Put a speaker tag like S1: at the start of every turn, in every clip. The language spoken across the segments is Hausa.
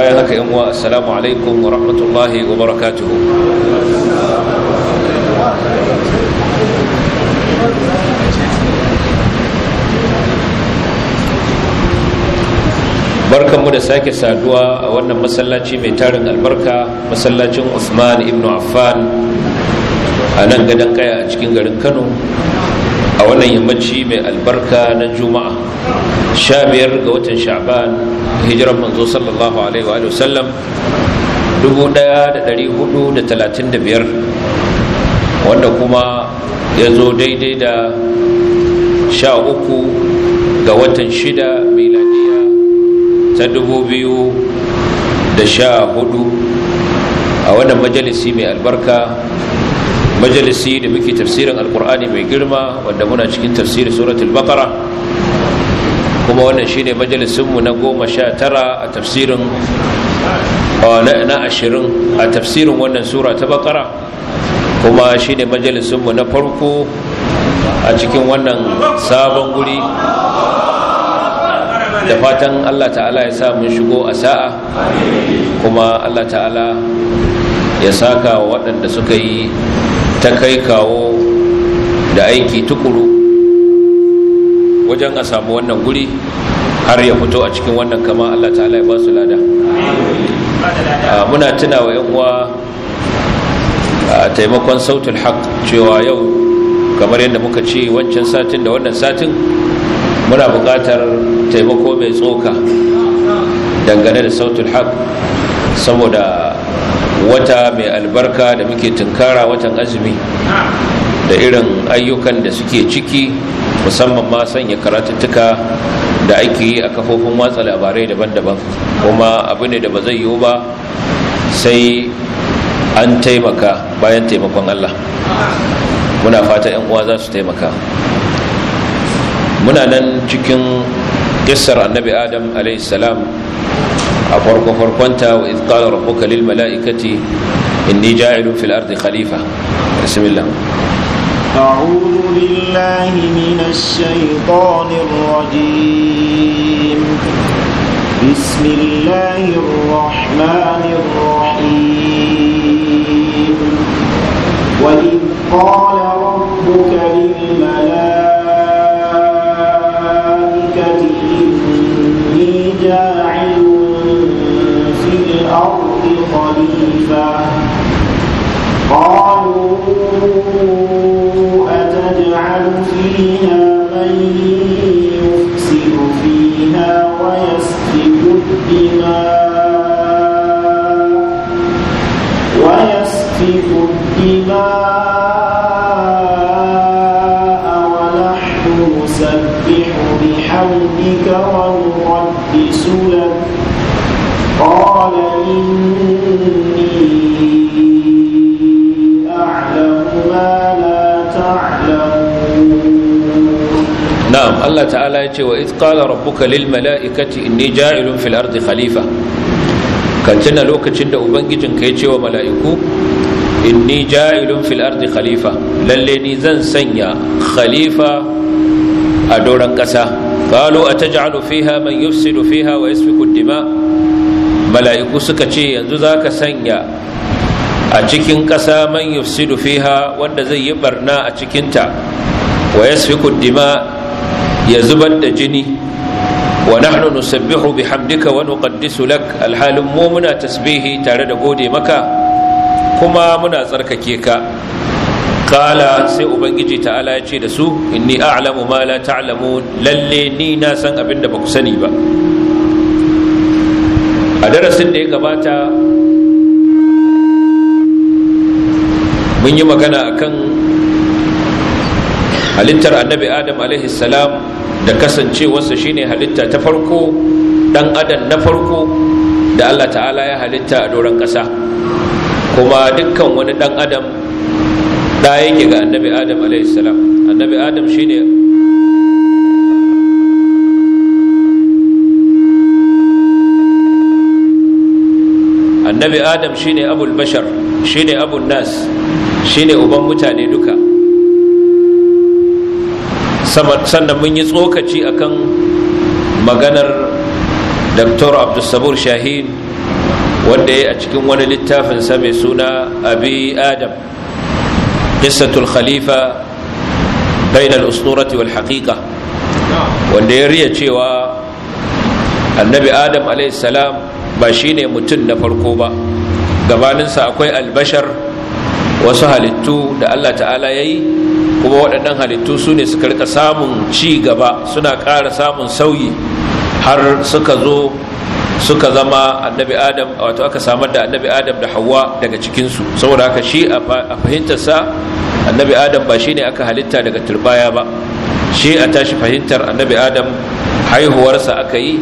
S1: bayan haka yan uwa assalamu alaikum wa rahmatullahi wa barakatuhu barkanmu da sake saduwa a wannan masallaci mai tarin albarka masallacin Usman ibn Affan a nan gadon kaya a cikin garin Kano a wannan yammaci mai albarka na juma'a sha biyar ga watan sha'ban hijiran manzo sallallahu alaihi wa sallam 1435 wanda kuma ya zo daidai da sha uku ga watan shida miladiya ta dubu biyu da sha hudu a wannan majalisi mai albarka majalisi da muke tafsirin alkur'ani mai girma wanda muna cikin tafsirin suratul baqara kuma wannan shine majalisinmu na goma sha tara a tafsirin na ashirin a tafsirin wannan sura ta bakara kuma shine majalisinmu na farko a cikin wannan sabon guri da fatan allah ta'ala ya sa mun shigo a sa'a kuma allah ta'ala ya saka waɗanda suka yi ta kai kawo da aiki tukuru wajen a samu wannan guri har ya fito a cikin wannan kama Allah ta'ala halaye ba su lada muna tuna wa yan uwa taimakon Sautin haq cewa yau kamar yadda muka ce wancan satin da wannan satin muna buƙatar taimako mai tsoka dangane da Sautin haq saboda wata mai albarka da muke tunkara watan azumi da irin ayyukan da suke ciki musamman ma sanya karatuttuka da ake yi a kafofin watsa labarai daban-daban kuma abu ne da ba zai yiwu ba sai an taimaka bayan taimakon Allah muna fata 'yan uwa za su taimaka muna nan cikin kisar annabi adam a.s أفرق فرق فرقنت وإذ قال ربك للملائكة إني جاعل في الأرض خليفة بسم الله
S2: أعوذ بالله من الشيطان الرجيم بسم الله الرحمن الرحيم وإذ قال ربك للملائكة إني جاعل الأرض خليفة قالوا أتجعل فيها
S1: Allah ta'ala ya ce wa iz qala rabbuka lil mala'ikati inni ja'ilun fil ardi khalifa kan tuna lokacin da ubangijinka ya ce wa mala'iku inni ja'ilun fil ardi khalifa lalle ni zan sanya khalifa a doron ƙasa a qalu ataj'alu fiha man yufsidu fiha wa yasfiku dima mala'iku suka ce yanzu za ka sanya a cikin ƙasa man yufsidu fiha wanda zai yi barna a cikinta wa yasfiku dima ya zubar da jini wa nahnu nusabbihu bihamdika wa nuqaddisu lak alhalin mu muna tasbihi tare da gode maka kuma muna tsarkake ka kala sai ubangiji ta'ala ya ce da su inni a'lamu ma la ta'lamun lalle ni na san abin da baku sani ba a darasin da ya gabata mun yi magana akan halittar annabi adam alaihi salam da kasancewarsa shine halitta ta farko dan adam na farko da Allah ta'ala ya halitta a doron ƙasa kuma dukkan wani dan adam da yake ga annabi adam alaihissalam annabi adam shine annabi adam shine abul bashar shine abun nas shine uban mutane duka sannan mun yi tsokaci akan maganar dr abdulsabur shahin wanda ya a cikin wani littafinsa mai suna abi adam qissatul khalifa bain usturati wal haqiqa wanda ya riya cewa annabi adam alayhi salam ba shine mutum na farko ba gabaninsa akwai albashar wasu halittu da Allah ta'ala ya yi kuma waɗannan halittu su ne suka rika samun ci gaba suna ƙara samun sauyi har suka zo suka zama annabi adam wato aka samar da annabi adam da hawa daga cikinsu saboda haka shi a fahimtarsa annabi adam ba shine aka halitta daga turbaya ba shi a tashi fahimtar annabi adam haihuwarsa aka yi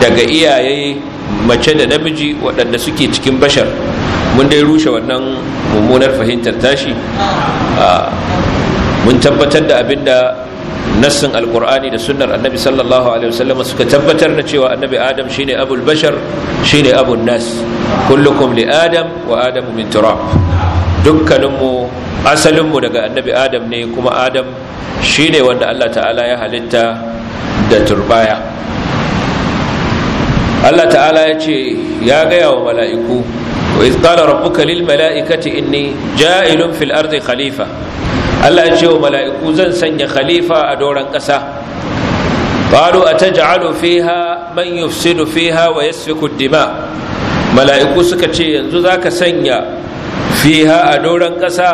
S1: daga iyaye mace da namiji waɗanda suke cikin bashar mun dai rushe wannan mummunar fahimtar tashi mun tabbatar da abinda nassin alkur'ani da sunnar annabi sallallahu alaihi wasallam suka tabbatar da cewa annabi adam shine abul bashar shine abun nas kullukum li adam wa adamu min turab dukkaninmu asalinmu daga annabi adam ne kuma adam shine wanda Allah ta'ala ya halitta da turbaya Allah ta'ala ya ce ya gaya wa mala'iku wa iz qala rabbuka lil mala'ikati inni ja'ilun fil ardi khalifa Allah ya ce wa mala'iku zan sanya khalifa a doron ƙasa قالوا أتجعل فيها من يفسد فيها ويسفك الدماء ملائكو suka ce yanzu zaka sanya fiha a doran kasa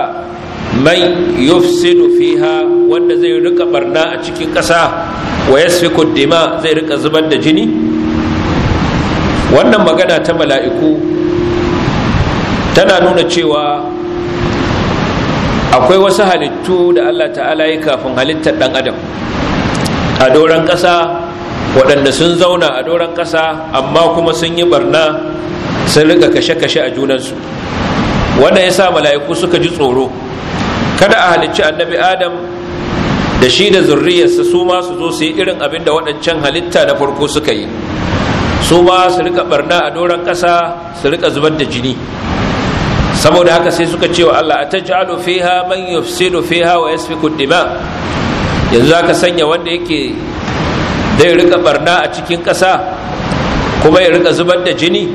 S1: man yufsidu fiha wanda zai rika barna a cikin ƙasa wa yasfiku dima zai rika zubar da jini wannan magana ta mala'iku tana nuna cewa akwai wasu halittu da Allah ta'ala Ya kafin halittar ɗan adam a doron ƙasa waɗanda sun zauna a doron ƙasa amma kuma sun yi barna sun rika kashe-kashe a junansu wannan ya sa mala'iku suka ji tsoro kada a halicci annabi adam da shi da zurriyarsa su ma su zo su yi irin abin da waɗancan halitta na farko suka yi su ma su rika barna a doron ƙasa su rika zubar da jini saboda haka sai suka ce wa Allah ataj'alu fiha man yufsidu fiha wa yasfiku dima yanzu zaka sanya wanda yake zai rika barna a cikin ƙasa kuma ya rika zubar da jini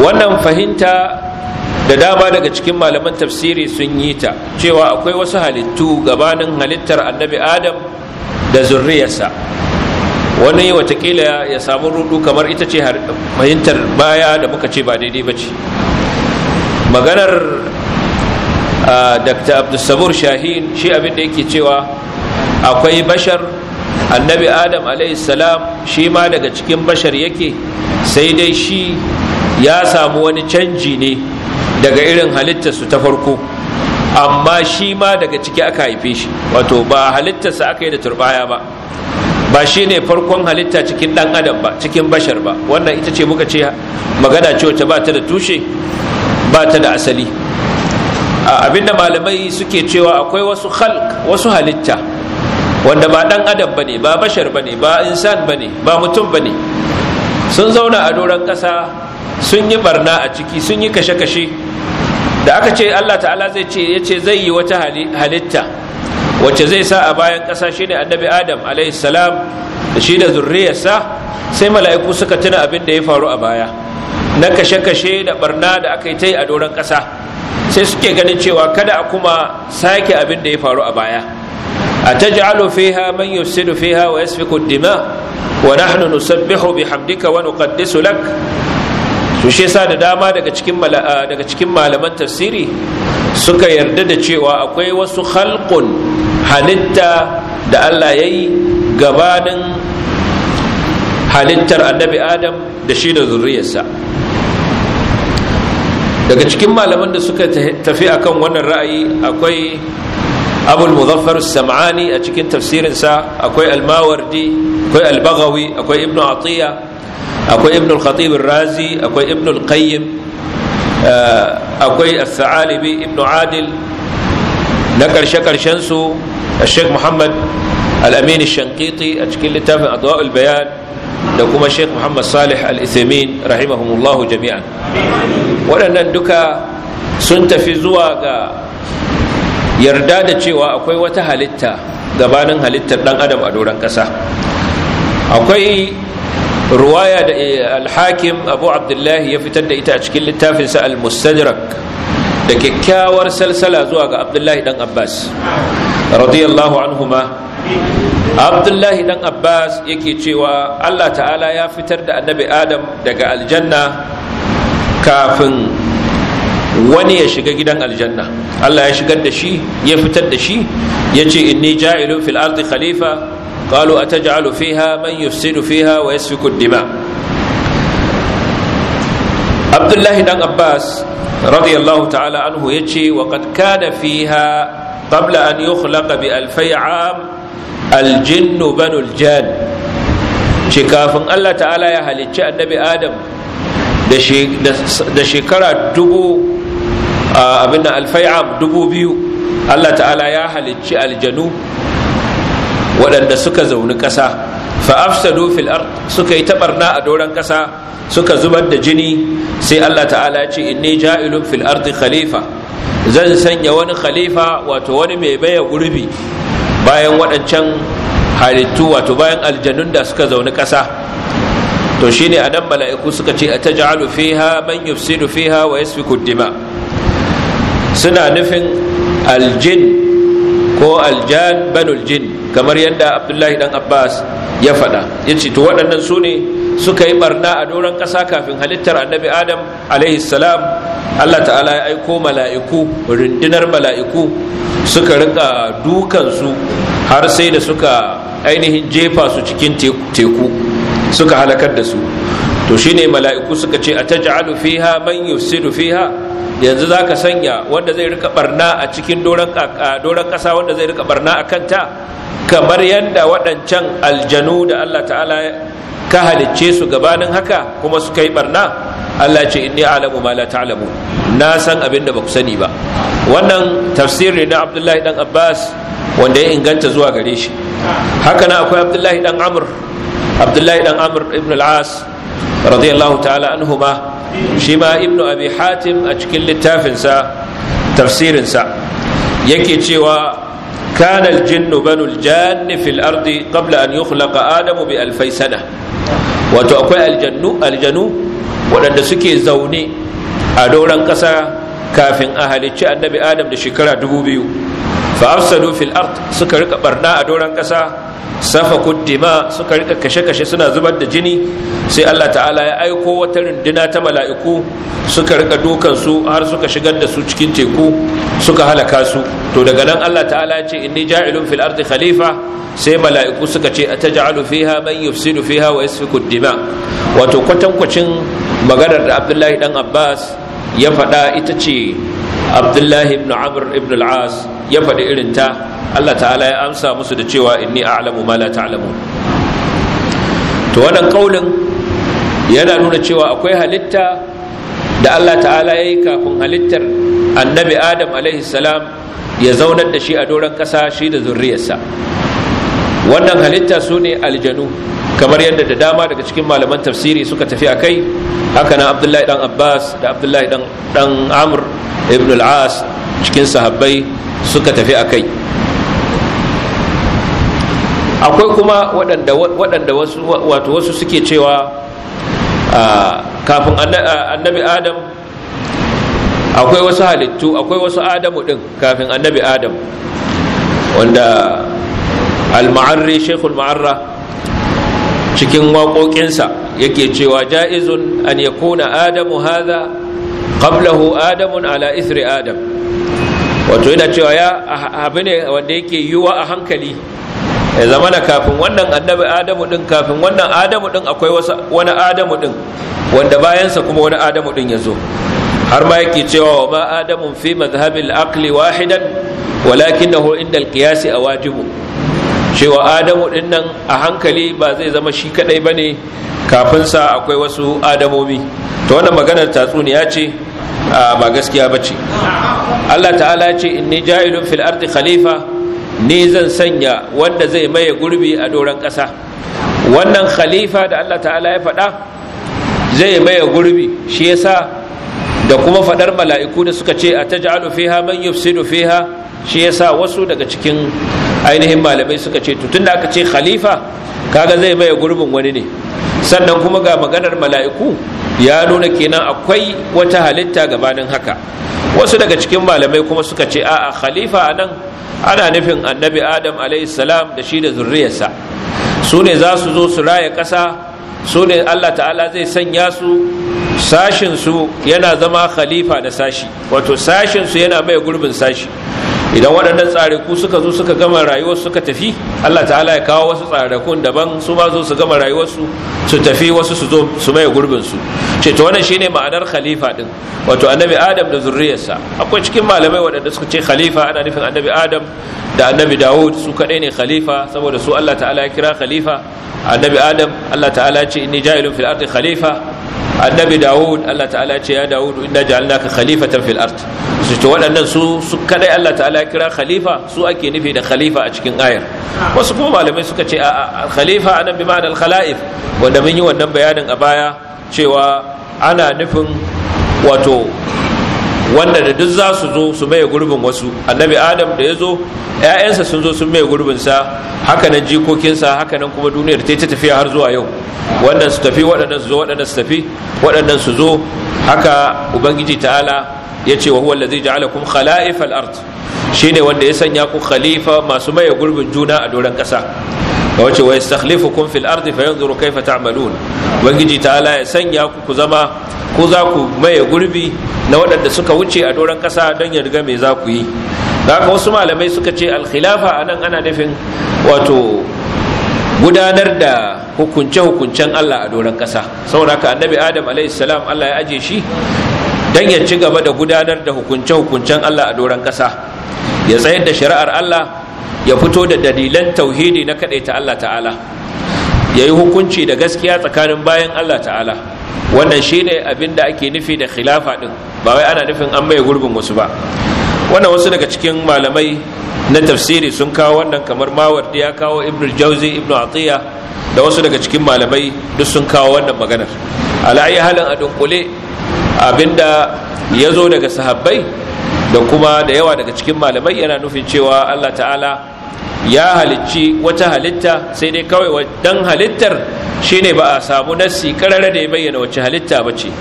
S1: wannan fahimta da dama daga cikin malaman tafsiri sun yi ta cewa akwai wasu halittu gabanin halittar annabi adam da zurriyarsa wani watakila ya samu rudu kamar ita ce fahimtar baya da muka ce ba daidai ba ce maganar dr abdulsabur shahin shi abin da yake cewa akwai bashar annabi adam salam shi ma daga cikin bashar yake sai dai shi ya samu wani canji ne daga irin halittarsu ta farko amma shi ma daga ciki aka haife shi wato ba halittarsa aka yi da turbaya ba ba shi ne farkon halitta cikin ɗan adam ba cikin bashar ba wannan ita ce muka ce magana ce wacce ba ta da tushe ba ta da asali abinda malamai suke cewa akwai wasu wasu halitta wanda ba ɗan adam ba ne ba bashar ba ba insan ba ba mutum ba sun zauna a doron ƙasa sun yi barna a ciki sun yi kashe-kashe da aka ce allah ta'ala zai ce ya ce zai yi wata halitta wacce zai sa a bayan ƙasa shine annabi adam alaihi da shi da zurriyarsa sai mala'iku suka tuna abin da ya faru a baya na kashe-kashe da barna da aka yi ta yi a doron ƙasa sai suke ganin cewa kada a kuma sake abin da ya faru a baya a ta ja'alu fiha man yufsidu fiha wa yasfiku dima wa nahnu nusabbihu bihamdika wa nuqaddisu lak to shi yasa da dama daga cikin malaman tafsiri suka yarda da cewa akwai wasu halkun. halitta da Allah ya yi gabanin halittar annabi adam da shi da zurriyarsa daga cikin malaman da suka tafi akan wannan ra'ayi akwai abul muzaffar sam'ani a cikin tafsirinsa akwai almawardi akwai albagawi akwai ibnu atiya akwai ibn al razi akwai ibn al eh, akwai al-thalibi ibnu adil na karshe karshen su Al الشيخ محمد a cikin أشكل لتافن أضواء da kuma الشيخ Muhammad Salih al رحمهم الله جميعا waɗannan duka sun tafi zuwa ga yarda da cewa akwai wata halitta gabanin halittar ɗan adam a doron ƙasa akwai ruwaya da alhakim abu abdullahi ya fitar da ita a cikin littafinsa al-mustadrak da kyakkyawar salsala zuwa ga abdullahi ɗan abbas radiyallahu anhuma abdullahi dan abbas yake cewa allah ta'ala ya fitar da annabi adam daga aljanna kafin wani ya shiga gidan aljanna allah ya shigar da shi ya fitar da shi ya ce inni ja'ilun fil ardi khalifa qalu ataj'alu fiha man yufsidu fiha wa yasfiku dima abdullahi dan abbas
S2: radiyallahu
S1: ta'ala anhu yace wa qad kana fiha qabla an yukhlaqa bi alfai am aljinnu banul jan ce kafin Allah ta'ala ya halicci annabi adam da shekara dubu abin da alfai'am dubu biyu Allah ta'ala ya halicci aljanu waɗanda suka zauni ƙasa fa'afsadu fil ard suka yi taɓarna a doron ƙasa suka zubar da jini sai Allah ta'ala ce inni ja'ilun fil ardi khalifa zan sanya wani khalifa wato wani mai baya gurbi bayan waɗancan halittu wato bayan aljanun da suka zaune ƙasa to shine a nan mala'iku suka ce a ta ja'alu fiha man yufsidu fiha wa suna nufin aljin ko aljan banul jin kamar yadda abdullahi dan abbas ya faɗa ya ce to waɗannan su ne suka yi barna a doron ƙasa kafin halittar annabi adam alaihi salam Allah ta'ala ya aiko mala'iku rundunar mala'iku suka rika dukansu har sai da suka ainihin jefa su cikin teku suka halakar da su to shine mala'iku suka ce a taj'alu fiha man yufsidu fiha yanzu zaka sanya wanda zai rika barna a cikin doran doran kasa wanda zai rika barna a kanta kamar yadda waɗancan aljanu da Allah ta'ala ka halicce su gabanin haka kuma suka yi barna Allah ce inni alamu ma la ta'lamun na san abin da ba ku sani ba wannan tafsiri na abdullahi dan abbas wanda ya inganta zuwa gare shi haka na akwai abdullahi dan Amur, abdullahi dan amr ibn al-as radiyallahu ta'ala anhuma shi ma ibn abi hatim a cikin littafinsa tafsirinsa yake cewa كان الجن بنو الجان في الأرض قبل أن يخلق آدم بألفي سنة وتأكوى الجن الجنو waɗanda suke zaune a doron ƙasa kafin a halicci annabi adam da shekara dubu biyu fa afsadu fil ard suka rika barna a doron ƙasa safa kuddima suka rika kashe-kashe suna zubar da jini sai Allah ta'ala ya aiko wata runduna ta mala'iku suka rika dukan su har suka shigar da su cikin teku suka halaka su to daga nan Allah ta'ala ya ce inni ja'ilun fil khalifa sai mala'iku suka ce ataj'alu fiha man yufsidu fiha wa yasfiku dima wato kwatankwacin maganar da Abdullahi dan Abbas ya faɗa ita ce abdullahi ibn amr ibn al-as ya faɗi irin ta Allah ta'ala ya amsa musu da cewa inni a'lamu ma la ta'lamun to wannan kaulin yana nuna cewa akwai halitta da Allah ta'ala ya yi kafin halittar annabi adam alaihi salam ya zaunar da shi a doron ƙasa shi da zurriyarsa
S2: wannan halitta
S1: su ne aljanu kamar yadda da dama daga cikin malaman tafsiri suka tafi a kai haka na abdullahi dan abbas da abdullahi dan Amur, ibn al-as cikin sahabbai suka tafi a kai akwai kuma waɗanda wasu wato wasu suke cewa kafin annabi adam akwai wasu halittu akwai wasu adamu ɗin kafin annabi adam wanda al-ma'arri shekul ma'arra cikin waƙoƙinsa yake cewa ja'izun an ya kuna adamu hadha qablahu adamun ala ithri adam wato yana cewa ya abu ne wanda yake yiwuwa a hankali ya zama na kafin wannan annabi adamu ɗin kafin wannan adamu ɗin akwai wani adamu ɗin wanda bayansa kuma wani adamu ɗin ya zo har ma yake cewa wa ma adamun fi mazhabil aqli wahidan walakinahu inda alqiyasi wajibu. cewa adamu dinnan a hankali ba zai zama shi kadai bane kafin sa akwai wasu adamomi to wannan maganar tatsuniya ce ba gaskiya bace Allah ta'ala ya ce inni ja'ilun fil ardi khalifa ni zan sanya wanda zai maye gurbi a doran ƙasa wannan khalifa da Allah ta'ala ya faɗa zai maye gurbi shi yasa da kuma faɗar mala'iku da suka ce a taj'alu fiha man yufsidu fiha shi yasa wasu daga cikin ainihin malamai suka ce to tunda aka ce khalifa kaga zai maye gurbin wani ne sannan kuma ga maganar mala'iku ya nuna kenan akwai wata halitta gabanin haka wasu daga cikin malamai kuma suka ce a'a khalifa anan ana nufin annabi adam salam da shi da zurriyarsa su ne za su zo su raya ƙasa su ne allah ta'ala zai sanya su sashinsu yana zama khalifa da sashi wato sashinsu yana mai gurbin sashi idan waɗannan tsaraku suka zo suka gama rayuwar suka tafi Allah ta'ala ya kawo wasu tsarikun daban su ma zo su gama rayuwarsu su tafi wasu su zo su mai gurbin su ce to wannan shine ma'anar khalifa din wato annabi adam da zurriyarsa akwai cikin malamai waɗanda suka ce khalifa ana nufin annabi adam da annabi dawud su kaɗai ne khalifa saboda su Allah ta'ala ya kira khalifa annabi adam Allah ta'ala ya ce inni ja'ilun fil ardi khalifa annabi dawud Allah ta'ala ce ya dawud inna ja'alnaka khalifatan fil ard su ce waɗannan su su kadai Allah ta'ala kira khalifa su ake nufi da khalifa a cikin ayar wasu kuma malamai suka ce khalifa anan bi ma'anar khala'if wanda mun yi wannan bayanin a baya cewa ana nufin wato
S2: wanda da duk za su
S1: zo su maye gurbin wasu annabi adam da ya zo ‘ya'yansa sun zo sun maye sa hakanan jikokinsa hakanan kuma duniyar ta ta tafiya har zuwa yau wannan su tafi waɗannan su zo waɗannan su tafi waɗannan su zo haka ubangiji ta'ala ya ce wa huwa allazi kum khalaifal art ard shine wanda ya sanya ku khalifa masu maye gurbin juna a doron ƙasa ka wace wa yastakhlifukum fil ardi fayanzuru kaifa ta'malun ubangiji ta'ala ya sanya ku ku zama ku za ku maye gurbi na waɗanda suka wuce a doron ƙasa don ya riga me za ku yi haka wasu malamai suka ce alkhilafa anan ana nufin wato gudanar da hukunce-hukuncen Allah a doron ƙasa saboda haka annabi adam salam Allah ya aje shi don ya ci gaba da gudanar da hukunce-hukuncen Allah a doron ƙasa ya tsayar da shari'ar Allah ya fito da dalilan tauhidi na kadaita Allah ta'ala ya yi hukunci da gaskiya tsakanin bayan Allah ta'ala wannan shi ne abin da ake nufi da khilafa ɗin ba wai ana nufin an maye gurbin wasu ba wannan wasu daga cikin malamai na tafsiri sun kawo wannan kamar mawardi ya kawo ibn jauzi ibn atiya da wasu daga cikin malamai duk sun kawo wannan maganar ala'ayi halin a dunkule abinda ya zo daga sahabbai da kuma da yawa daga cikin malamai yana nufin cewa allah ta'ala ya halicci wata halitta sai dai kawai dan halittar shine ba a samu nassi karara da ya bayyana wacce halitta ba ce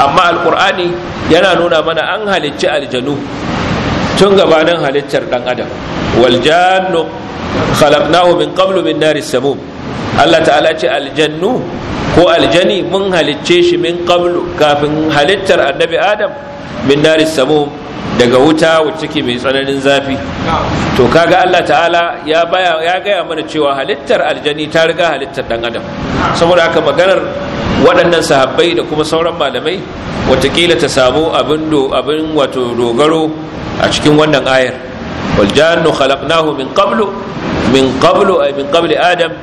S1: amma alkur'ani yana nuna mana an halicci aljanu tun gabanin halittar dan adam wal jannu khalaqnahu min qablu min naris samum Allah ta'ala ce aljannu ko aljani mun halicce shi min qablu kafin halittar annabi adam min naris samum daga wuta wacce ke mai tsananin zafi to kaga Allah ta'ala ya baya ya gaya mana cewa halittar aljani ta riga halittar dan adam saboda haka maganar waɗannan sahabbai da kuma sauran malamai watakila ta samu abin do abin wato dogaro a cikin wannan ayar wal jannu khalaqnahu min qablu min qablu ay min qabli adam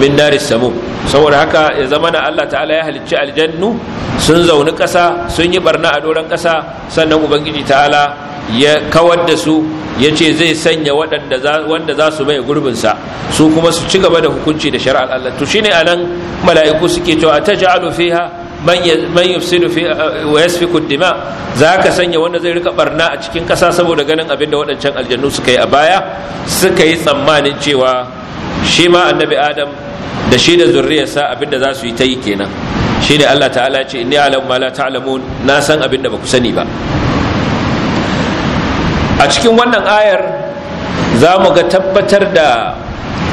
S1: min daris samu saboda haka ya zama na Allah ta'ala ya halicci aljannu sun zauni ƙasa sun yi barna a doron ƙasa sannan ubangiji ta'ala ya kawar da su ya ce zai sanya wanda za su mai gurbinsa su kuma su ci gaba da hukunci da shari'ar Allah to shine anan mala'iku suke cewa taj'alu fiha man yufsidu fi wa yasfiku dima zaka sanya wanda zai rika barna a cikin kasa saboda ganin abin da waɗancan aljannu suka yi a baya suka yi tsammanin cewa shi ma annabi adam da shi da zurriyarsa abinda za su yi ta yi kenan shi ne allah ta'ala ce inni alamu ma la na san abinda ba ku sani ba a cikin wannan ayar za mu ga tabbatar da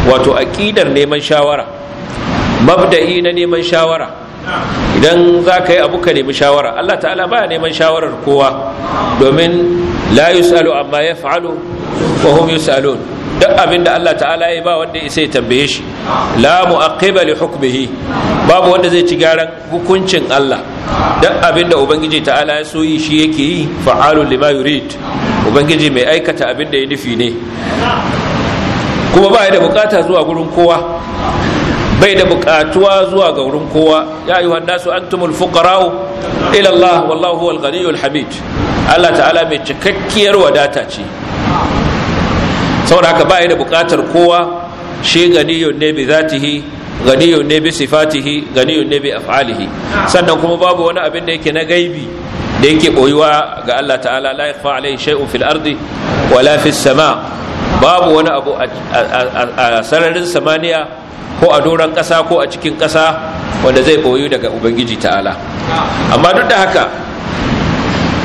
S1: wato aƙidar neman shawara mabda'i na neman shawara idan za ka yi abu ka nemi shawara allah ta'ala baya neman shawarar kowa domin la yus'alu amma ya fa'alu wa hum yus'alun duk abin da Allah ta'ala ya ba wanda ya tambaye shi la mu'aqqiba li hukmihi babu wanda zai ci garan hukuncin Allah duk abin da ubangiji ta'ala ya so yi shi yake yi fa'alun lima yurid ubangiji mai aikata abin da ya nufi ne kuma ba da bukata zuwa gurin kowa bai da bukatuwa zuwa ga wurin kowa ya yi wanda su an tumul fukarau ilallah wallahu huwal ganiyul hamid Allah ta'ala mai cikakkiyar wadata ce saboda haka ba da bukatar kowa shi ganiyun ne bi zatihi ganiyun ne bi sifatihi ganiyun ne bi af'alihi sannan kuma babu wani abin da yake na gaibi da yake boyuwa ga Allah ta'ala la yakhfa alayhi shay'un fil ardi wala fis sama babu wani abu a sararin samaniya ko a doron ƙasa ko a cikin kasa wanda zai boyu daga ubangiji ta'ala amma duk da haka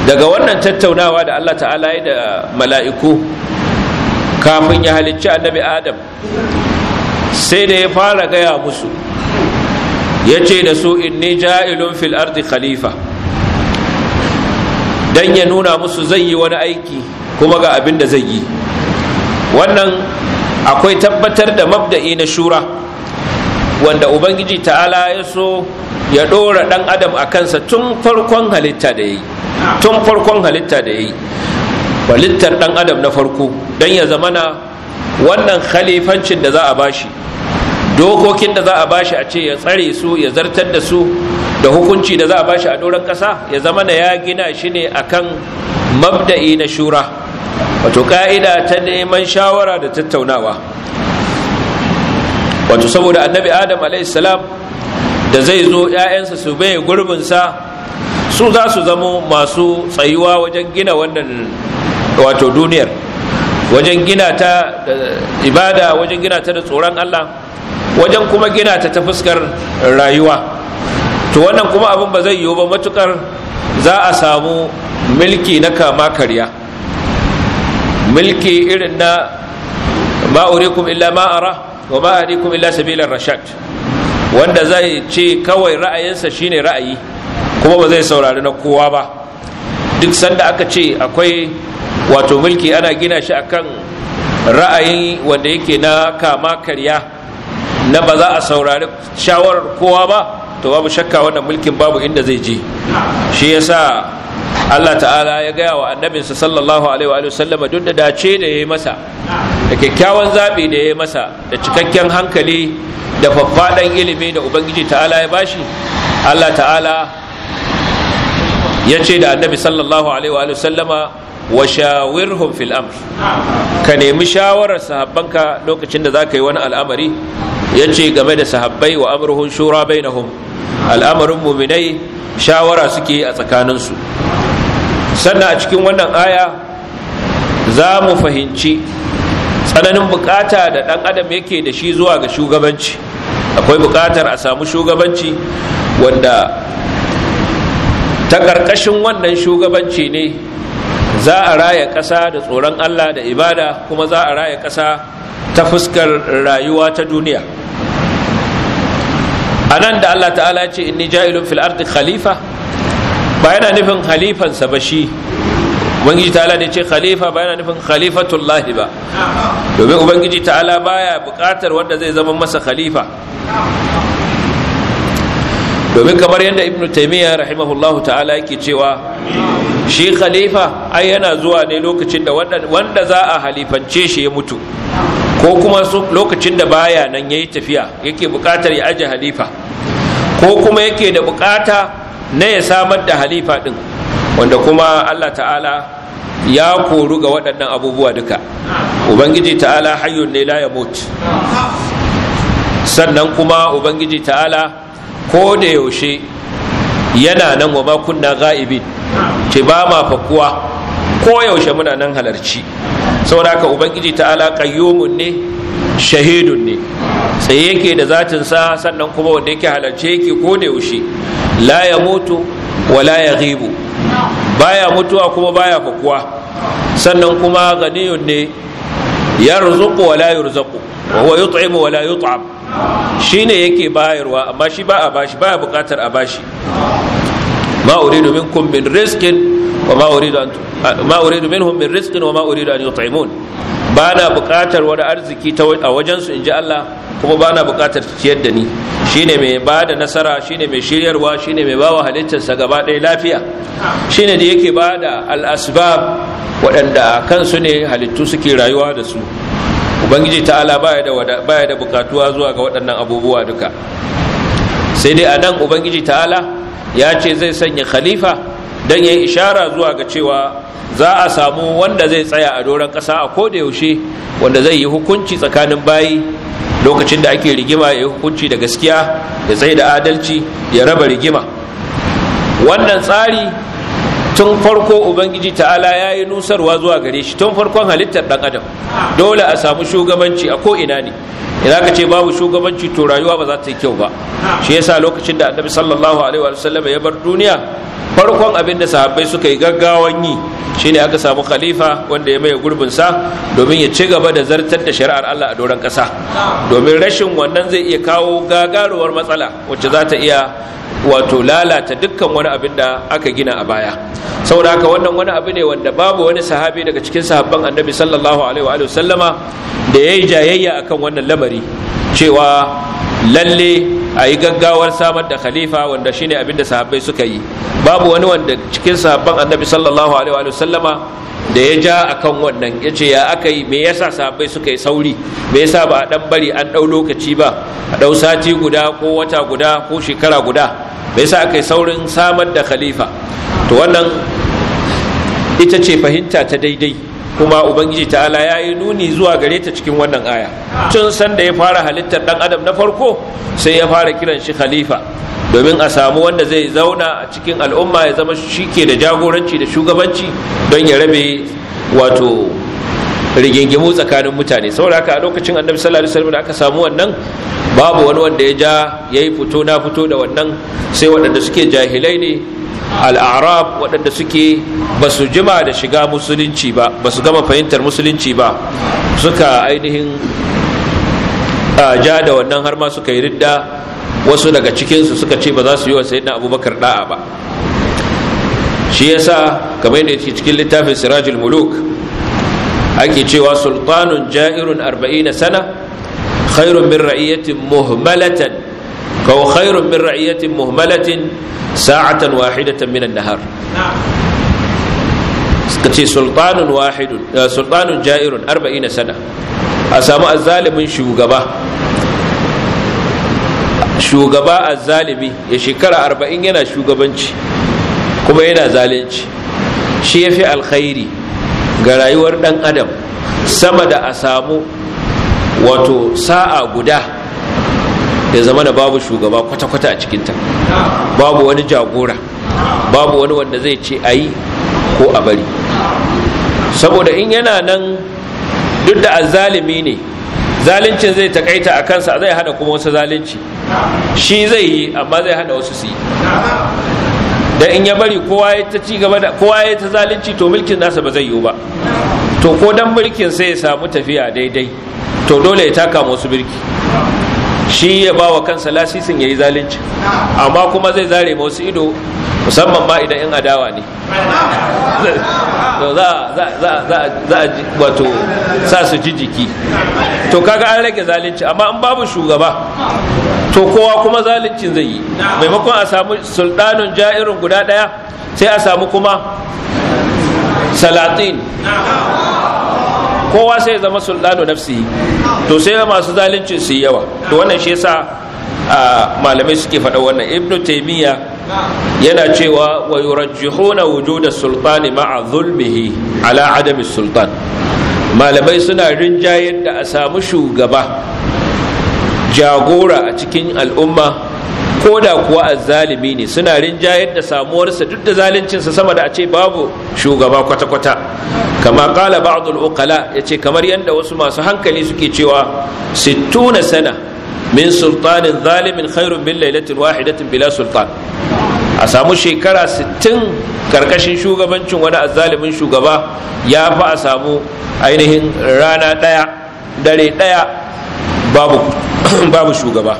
S1: daga wannan tattaunawa da Allah ta'ala ya da mala'iku kafin ya halicci annabi adam sai da ya fara gaya musu ya ce da su inni ja'ilun fil ardi khalifa dan ya nuna musu zai yi wani aiki kuma ga abin da zai yi wannan akwai tabbatar da mabda'i na shura wanda ubangiji ta'ala ya so ya ɗora ɗan adam a kansa tun farkon halitta da ya yi tun farkon halitta da ya yi balittar ɗan adam na farko don ya zamana wannan khalifancin da za a bashi dokokin da za a bashi a ce ya tsare su ya zartar da su da hukunci da za a bashi a doron ƙasa ya zamana ya gina shi ne akan mabda'i na shura wato ka'ida ta neman shawara da tattaunawa wato saboda annabi adam alaihissalam da zai zo 'ya'yansa su bai gurbinsa su za su zamo masu tsayuwa wajen gina wannan wato duniyar wajen gina ta eh, ibada wajen gina ta da tsoron Allah wajen kuma gina ta ta fuskar rayuwa to wannan kuma abin ba zai yiwu ba matukar za a samu milki na kama karya milki irin na ma'urikum illa ma'ara wa ma'arikum illa sabilar rashad wanda zai ce kawai ra'ayinsa shine ra'ayi kuma ba zai saurari na kowa ba duk sanda aka ce akwai wato mulki ana gina shi akan ra'ayi wanda yake na kama karya na ba za a saurari shawarar kowa ba to babu shakka wannan mulkin babu inda zai je shi yasa Allah ta'ala ya gaya wa annabinsa sallallahu alaihi wa sallam, duk da dace da yayi masa da kyakkyawan zaɓe da ya yi masa da cikakken hankali da faffadan ilimi da ubangiji ta'ala ya bashi Allah ta'ala ya ce da annabi sallallahu alaihi wa sallama wa shawirhum fil amr ka nemi shawarar sahabbanka lokacin da zaka yi wani al'amari ya ce game da sahabbai wa amruhun shura bainahum al'amarin muminai shawara suke a tsakaninsu sannan a cikin wannan aya za mu fahimci tsananin bukata da ɗan adam yake da shi zuwa ga shugabanci akwai bukatar a samu shugabanci wanda ta ƙarƙashin wannan shugabanci ne za a raya ƙasa da tsoron Allah da ibada kuma za a raya ƙasa ta fuskar rayuwa ta duniya a nan da Allah ta'ala ce in ni ja'ilun fil ardi khalifa ba yana nufin khalifansa ba shi ubangiji ta'ala ne ce khalifa ba yana nufin khalifatullahi ba domin ubangiji ta'ala baya buƙatar wanda zai zama masa khalifa domin kamar yadda ibn taimiyya rahimahullahu ta'ala yake cewa shi khalifa ai yana zuwa ne lokacin da wanda za a halifance shi ya mutu ko kuma lokacin da baya nan ya yi tafiya yake bukatar ya ajiye halifa ko kuma yake da bukata na ya samar da halifa din wanda kuma allah ta'ala ya koru ga waɗannan abubuwa duka ubangiji ta'ala hayyun ne la ya mutu sannan kuma ubangiji ta'ala ko da yaushe yana nan wa ma kunna ga'ibin ce ba ma fakuwa ko yaushe muna nan halarci saboda haka ubangiji ta'ala yomun ne shahidun ne sai yake da zatin sa sannan kuma wanda yake halarce yake ko da yaushe la ya mutu wa la ya ghibu baya mutuwa kuma baya fakuwa sannan kuma ganiyun ne yarzuqu wa la yurzuqu wa huwa yut'imu wa la yut'am shine yake bayarwa amma shi ba a bashi baya bukatar a bashi ma uridu minkum min rizqin wa ma uridu an ma uridu minhum min rizqin wa ma uridu an yut'imun ba na bukatar wani arziki ta a wajen su inji Allah kuma ba na bukatar ciyar da ni shine mai ba da nasara shine mai shiryarwa shine mai bawa halittarsa gaba ɗaya lafiya shine da yake ba da al-asbab waɗanda kansu ne halittu suke rayuwa da su ubangiji ta'ala baya da baya da bukatuwa zuwa ga waɗannan abubuwa duka sai dai anan nan ubangiji ta'ala ya ce zai sanya khalifa don ya ishara zuwa ga cewa za a samu wanda zai tsaya a doron ƙasa a ko da yaushe wanda zai yi hukunci tsakanin bayi lokacin da ake rigima ya yi hukunci da gaskiya ya tsaye da adalci ya raba rigima wannan tsari tun farko ubangiji ta'ala ya yi nusarwa zuwa gare shi tun farkon halittar ɗan adam dole a samu shugabanci a ko ina ne idan ka ce babu shugabanci to rayuwa ba za ta yi kyau ba shi yasa lokacin da annabi sallallahu alaihi wa sallam ya bar duniya farkon abin da sahabbai suka yi gaggawan yi shine aka samu khalifa wanda ya maye gurbin sa domin ya ci gaba da zartar da shari'ar Allah a doron kasa domin rashin wannan zai iya kawo gagaruwar matsala wacce za ta iya wato lalata dukkan wani abin da aka gina a baya saboda haka wannan wani abu ne wanda babu wani sahabi daga cikin sahabban annabi sallallahu alaihi wa sallama da yayi jayayya akan wannan lamari cewa lalle a yi gaggawar samar da khalifa wanda shine abin da sahabbai suka yi babu wani wanda cikin sahabban annabi sallallahu alaihi wa sallama da ya ja akan wannan ya ce ya aka yi me yasa sahabbai suka yi sauri me yasa ba a dan bari an ɗau lokaci ba a ɗau sati guda ko wata guda ko shekara guda me yasa aka yi saurin samar da khalifa to wannan ita ce fahimta ta daidai kuma ubangiji ta'ala ya yi nuni zuwa gare ta cikin wannan aya tun sanda ya fara halittar dan adam na farko sai ya fara kiran shi khalifa domin a samu wanda zai zauna a cikin al'umma ya zama shi ke da jagoranci da shugabanci don ya rabe wato rigingimu tsakanin mutane saboda haka a lokacin annabi sallallahu alaihi da aka samu wannan babu wani wanda ya ja yayi fito na fito da wannan sai waɗanda suke jahilai ne al'arab waɗanda suke ba su jima da shiga musulunci ba ba su gama fahimtar musulunci ba suka ainihin ja da wannan har ma suka yi ridda wasu daga cikinsu suka ce ba za su yi wa sayyidina abubakar da'a ba shi yasa kamar yadda yake cikin littafin sirajil muluk ake cewa sultanun ja'irun 40 sana khairun min ra'iyyatin muhmalatan kaw khairun min ra'iyatin muhmalatin sa'atan wahidatan min an-nahar suka ce sultanun wahidun eh, sultanun ja'irun 40 sana a samu azzalimin shugaba shugaba azzalimi ya shekara arba'in yana shugabanci kuma yana zalunci shi ya fi alkhairi ga rayuwar ɗan adam sama da a samu wato sa'a guda ya zama da babu shugaba kwata-kwata a cikinta babu wani jagora babu wani wanda zai ce a yi ko a bari saboda in yana nan duk da azalimi ne zalincin zai takaita a kansa zai hada kuma wasu zalunci shi zai yi amma zai hada wasu su yi da in ya bari kowa ya ta ci da kowa ya ta zalunci to mulkin nasa ba zai yiwu ba to ko dan mulkin sai ya samu tafiya daidai to dole ya taka musu birki shi ya ba wa kansa lasisin ya yi zalunci amma kuma zai zare musu ido musamman ma idan in adawa ne za a wato sa su ji jiki to kaga an rage zalunci amma in babu shugaba to kowa kuma zaluncin zai yi maimakon a samu sultanun ja'irin guda ɗaya sai a samu kuma salatin kowa sai zama sultanu nafsi to sai masu zaluncin su yi yawa to wannan shi yasa malamai suke faɗa wannan ibnu taymiya yana cewa wa yurajjihuna wujuda sultani ma'a zulmihi ala adami sultan malamai suna rinjayar da a samu shugaba jagora a cikin al'umma ko da kuwa azzalimi ne suna rinjayar da samuwarsa duk da zaluncinsa sama da a ce babu shugaba kwata-kwata kama kala ba'dul uqala yace kamar yadda wasu masu hankali suke cewa sittuna sana min sultanin zalimin khairun bin lailatin wahidatin bila sultan a samu shekara 60 karkashin shugabancin wani azzalimin shugaba ya fi a samu ainihin rana daya dare daya babu shugaba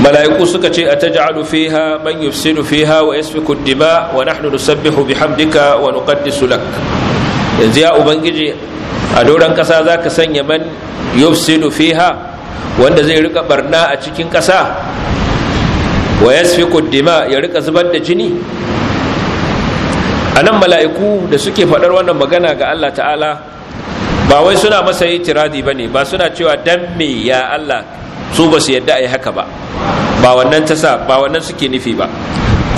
S1: mala'iku suka ce a taj'alu fiha man yufsidu fiha wa yasfiku dima wa nahnu nusabbihu bihamdika wa nuqaddisu lak yanzu ya ubangiji a doran kasa zaka sanya man yufsidu fiha wanda zai rika barna a cikin kasa wa yasfiku dima ya rika zubar da jini anan mala'iku da suke faɗar wannan magana ga Allah ta'ala ba wai suna masa itiradi ba ne ba suna cewa dan me ya Allah su ba su yadda a yi haka ba ba wannan ta sa ba wannan suke nufi ba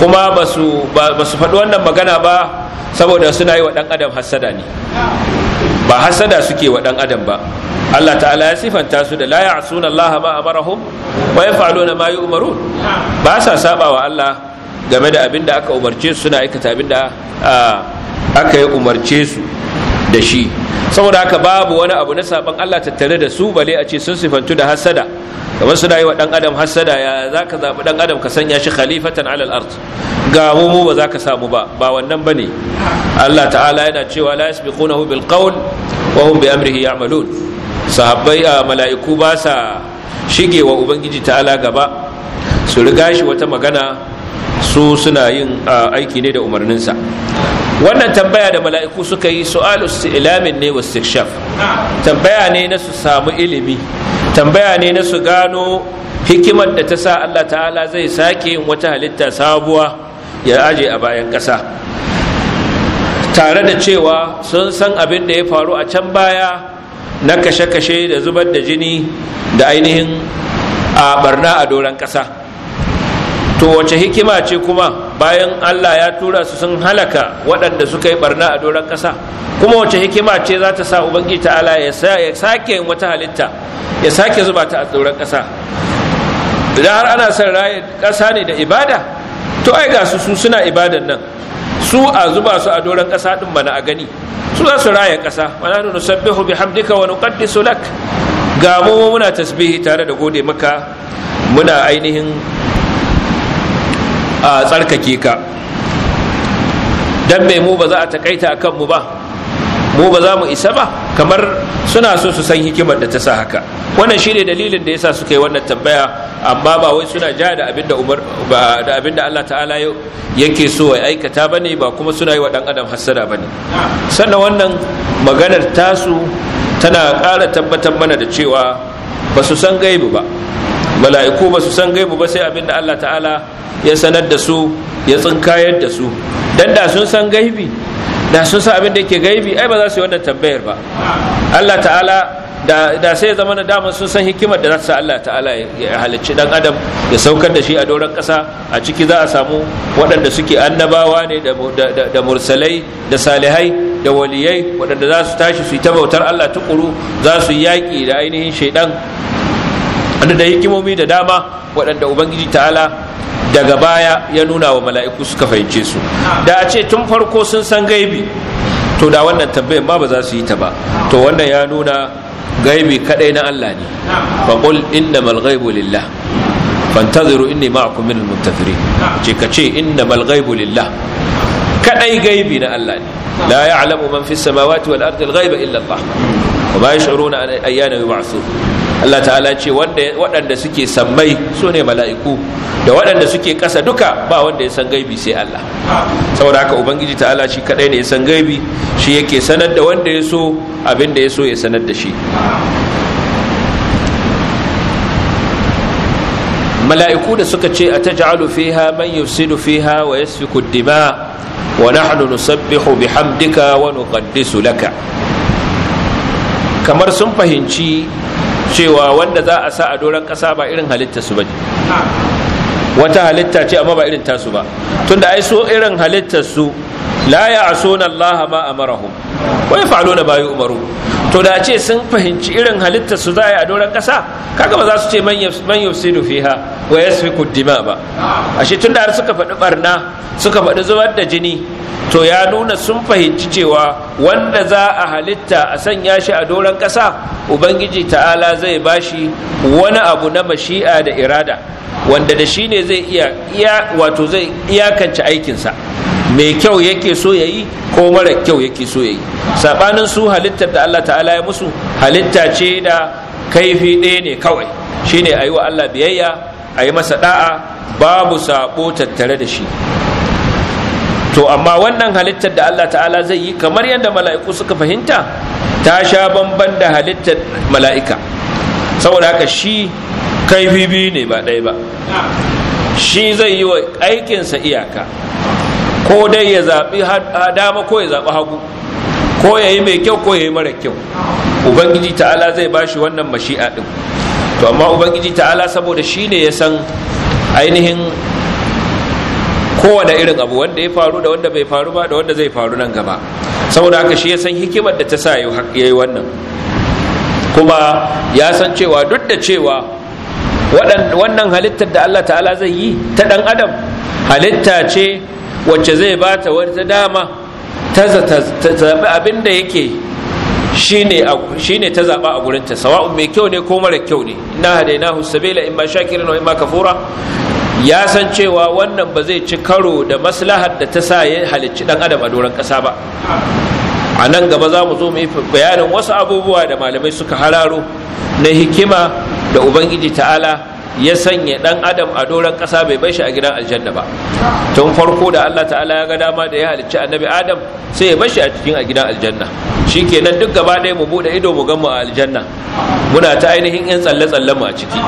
S1: kuma ba su faɗi wannan magana ba saboda suna yi wa ɗan adam hassada ne ba hassada suke wa ɗan adam ba Allah ta'ala ya sifanta su da la ya'suna Allah ma amarahum wa na ma umaru? ba sa saba wa Allah game da abin da aka umarce su suna aikata abin da aka yi umarce su da shi saboda haka babu wani abu na saban Allah tattare da su bale a ce sun sifantu da hasada kamar suna yi wa dan adam hasada ya za ka zaɓi dan adam ka sanya shi khalifatan alal ard ga mu ba za ka samu ba ba wannan ba ne Allah ta'ala yana cewa la yasbiqunahu bil qawl wa hum bi amrihi ya'malun sahabbai a mala'iku ba sa shige wa ubangiji ta'ala gaba su riga shi wata magana su suna yin aiki ne da umarninsa wannan tambaya da mala'iku suka yi su'alu ilamin ne wasu tambaya ne na su samu ilimi tambaya ne na su gano hikimar da ta sa Allah ta'ala zai sake yin wata halitta sabuwa ya aje a bayan ƙasa tare da cewa sun san abin da ya faru a can baya na kashe-kashe da zubar da jini da ainihin a barna a doron ƙasa to wace hikima ce kuma bayan Allah ya tura su sun halaka waɗanda suka yi barna a doron ƙasa kuma wace hikima ce za ta sa ubangiji ala ya sake yin wata halitta ya sake zuba ta a doron ƙasa idan har ana son raye ƙasa ne da ibada to ai ga su suna ibadan nan su a zuba su a doron ƙasa ɗin bana a gani su za su raye ƙasa wala nu nusabbihu bihamdika wa nuqaddisu lak ga mu muna tasbihi tare da gode maka muna ainihin a tsarkake ka dan mai mu ba za a takaita a kanmu ba mu ba za mu isa ba kamar suna so su san hikimar da ta sa haka wannan shine dalilin da yasa suka yi wannan tambaya amma ba wai suna ja da abinda umar da Allah ta'ala yake so ya aikata bane ba kuma suna yi wa dan adam hassada ne. sannan wannan maganar tasu tana ƙara tabbatar mana da cewa ba su san gaibu ba mala'iku ba su san gaibu ba sai abinda Allah ta'ala ya sanar da su ya tsinkayar da su dan da sun san gaibi da sun san abin da yake gaibi ai ba za su yi wannan tambayar ba Allah ta'ala da sai zama na dama sun san hikimar da za su Allah ta'ala ya halicci dan adam ya saukar da shi a doron ƙasa a ciki za a samu waɗanda suke annabawa ne da mursalai da salihai da waliyai waɗanda za su tashi su yi ta bautar Allah tukuru za su yaƙi da ainihin shaidan wanda da hikimomi da dama waɗanda ubangiji ta'ala daga baya ya nuna wa mala'iku suka fahimce su da a ce tun farko sun san gaibi to da wannan tambayar ma ba za su yi ta ba to wannan ya nuna gaibi kadai na Allah ne fa qul innamal ghaibu lillah fantaziru inni ma'akum minal muntazirin ce kace innamal ghaibu lillah kadai gaibi na Allah ne la ya'lamu man fi samawati wal ardi al ghaiba illa Allah wa ma yash'uruna ayyana yub'athun Allah ta'ala ce waɗanda suke sammai su ne mala'iku da waɗanda suke ƙasa duka ba wanda ya san gaibi sai Allah saboda haka ubangiji ta'ala shi kaɗai ne ya san gaibi shi yake sanar da wanda ya so abin da ya so ya sanar da shi mala'iku da suka ce a fi fiha man yufsidu fiha wa yasfiku dima wa nahnu nusabbihu bihamdika wa nuqaddisu laka kamar sun fahimci cewa wanda za a sa a doron kasa ba irin halitta su ba wata halitta ce amma ba irin tasu ba tunda ai so irin halittar su la ya'suna Allah ma amarahum wa yaf'aluna ma umaru. to da ce sun fahimci irin halittar su za a doron kasa kaga ba za su ce man man yufsidu fiha wa yasfiku dima ba ashe tunda har suka faɗi barna suka faɗi zubar da jini to ya nuna sun fahimci cewa wanda za a halitta a sanya shi a doron ƙasa ubangiji ta'ala zai bashi wani abu na mashi'a da irada wanda da shi ne zai iya wato zai iyakance aikinsa mai kyau yake so ya yi ko mara kyau yake so ya yi saɓanin su halittar da allah ta'ala ya musu halitta ce da kaifi ɗaya ne kawai shine a yi wa allah biyayya a yi masa ɗa'a babu saɓo tattare da shi to amma wannan halittar da Allah ta'ala zai yi kamar yadda mala'iku suka fahimta ta sha bamban da halittar mala'ika saboda haka shi kaifi biyu ne ba ɗaya ba shi zai yi wa aikinsa iyaka ko dai ya zaɓi dama ko ya zabi hagu ko ya yi mai kyau ko ya yi mara kyau ubangiji ta'ala zai ba shi wannan mashi'a ɗin to amma ubangiji ta'ala saboda shi ne ya san ainihin kowane irin abu wanda ya faru da wanda bai faru ba da wanda zai faru nan gaba saboda haka shi ya san hikimar da ta sa ya yi wannan kuma ya san cewa duk da cewa wannan halittar da Allah ta'ala zai yi ta ɗan adam halitta ce wacce zai ba ta wata dama ta zaɓi abin da yake shi ne ta zaɓa a gurinta sawa'un mai kyau ne ko mara kyau ne na hadaina husabila in ma shakirin wa in ma kafura ya san cewa wannan ba zai ci karo da maslahar da ta sa ya halicci dan adam a doron kasa ba a nan gaba za mu zo mu yi bayanin wasu abubuwa da malamai suka hararo na hikima da ubangiji ta'ala ya sanya dan adam a doron kasa bai bai shi a gidan aljanna ba tun farko da Allah ta'ala ya ga dama da ya halicci annabi adam sai ya bar shi a cikin a gidan aljanna shikenan duk gaba ɗaya mu bude ido mu ga mu a aljanna muna ta ainihin yan tsalle tsallen mu a ciki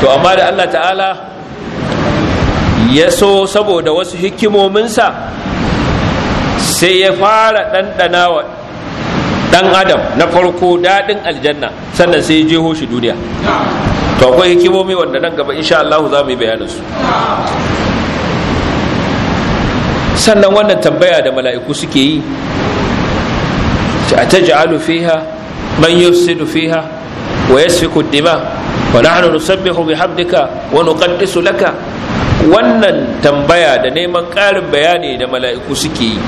S1: to amma da Allah ta'ala ya so saboda wasu hikimominsa sai ya fara ɗanɗana wa ɗan adam na farko daɗin aljanna sannan sai ya je shi duniya to akwai hikimomi wanda nan gaba insha Allah za mu yi bayaninsu sannan wannan tambaya da mala'iku suke yi a ta fiha man yi fiha wa yasfiku ma. wa nahnu nusabbihu bihamdika wa laka wannan tambaya da neman ƙarin bayani da mala'iku suke yi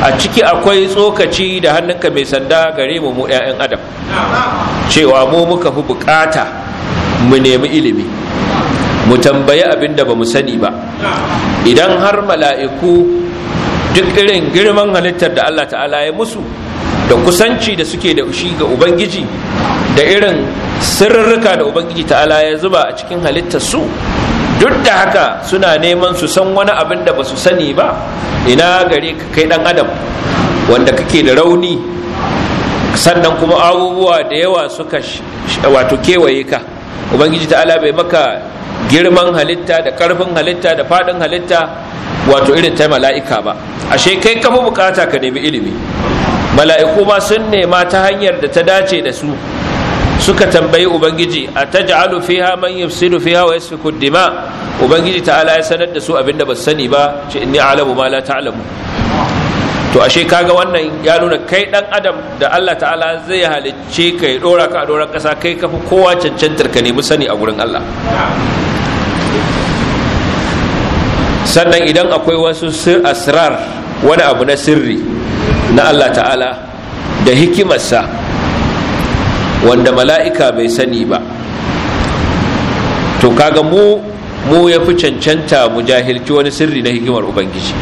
S1: a ciki akwai tsokaci da hannunka mai sanda gare mu mu 'ya'yan adam cewa mu muka fi bukata mu nemi ilimi mu tambayi abin da ba mu sani ba idan har mala'iku duk irin girman halittar da Allah ta'ala ya musu da kusanci da suke da shi ga ubangiji da irin sirrika da ubangiji ta'ala ya zuba a cikin halittar su duk da haka suna neman su san wani abin da ba su sani ba ina gare ka kai dan adam wanda kake da rauni sannan kuma abubuwa da yawa suka wato kewaye ka ubangiji ta'ala bai maka girman halitta da karfin halitta da fadin halitta wato irin ta mala'ika ba ashe kai kafa bukata ka nemi ilimi mala'iku ma sun nema ta hanyar da ta dace da su suka tambayi ubangiji a ta ja'alu ha man fi ha wa yasfiku dima ubangiji ta'ala ya sanar da su abinda ba sani ba ce inni alamu ma la ta'lamu to ashe kaga wannan ya nuna kai dan adam da Allah ta'ala zai halicce kai dora ka a doran kasa kai kafi kowa cancantar ka nemi sani a gurin Allah sannan idan akwai wasu asrar wani abu na sirri na Allah ta'ala da hikimarsa wanda mala'ika bai sani ba to kaga mu mu ya fi cancanta mu jahilci wani sirri na hikimar ubangiji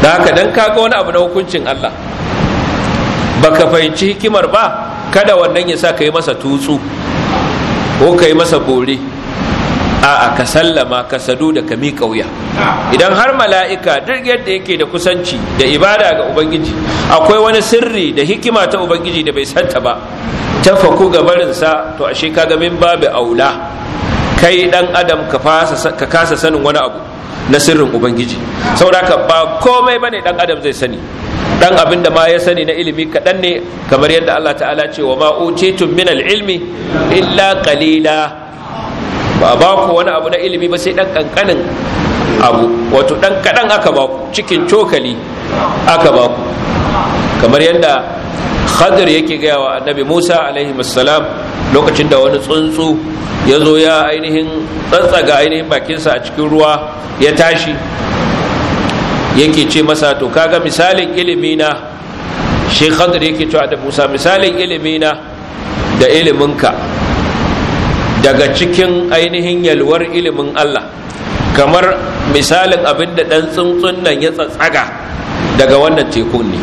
S1: da haka don kaga wani abu na hukuncin Allah baka fahimci hikimar ba kada wannan ya sa ka yi masa tutsu ko ka yi masa bore a'a ka sallama ka sadu da ka miƙa wuya idan har mala'ika duk yadda yake da kusanci da ibada ga ubangiji akwai wani sirri da hikima ta ubangiji da bai santa ba tafaku ga barinsa to ashe ka ga min babu aula kai dan adam ka kasa sanin wani abu na sirrin ubangiji saboda ba komai bane dan adam zai sani dan abin da ma ya sani na ilimi kaɗan ne kamar yadda Allah ta'ala ce wa ma utitum min al-ilmi illa qalila ba a ba ku wani abu na ilimi ba sai dan kankanin abu wato dan kadan aka ba ku cikin cokali aka ba ku kamar yadda khadir yake gaya wa annabi musa alaihi salam lokacin da wani tsuntsu ya zo ya ainihin tsantsaga ainihin bakinsa a cikin ruwa ya tashi yake ce masa to kaga misalin ilimi na shi khadir yake cewa da musa misalin ilimi na da iliminka daga cikin ainihin yalwar ilimin Allah kamar misalin abin da ɗan tsuntsun nan ya tsatsaga daga wannan teku ne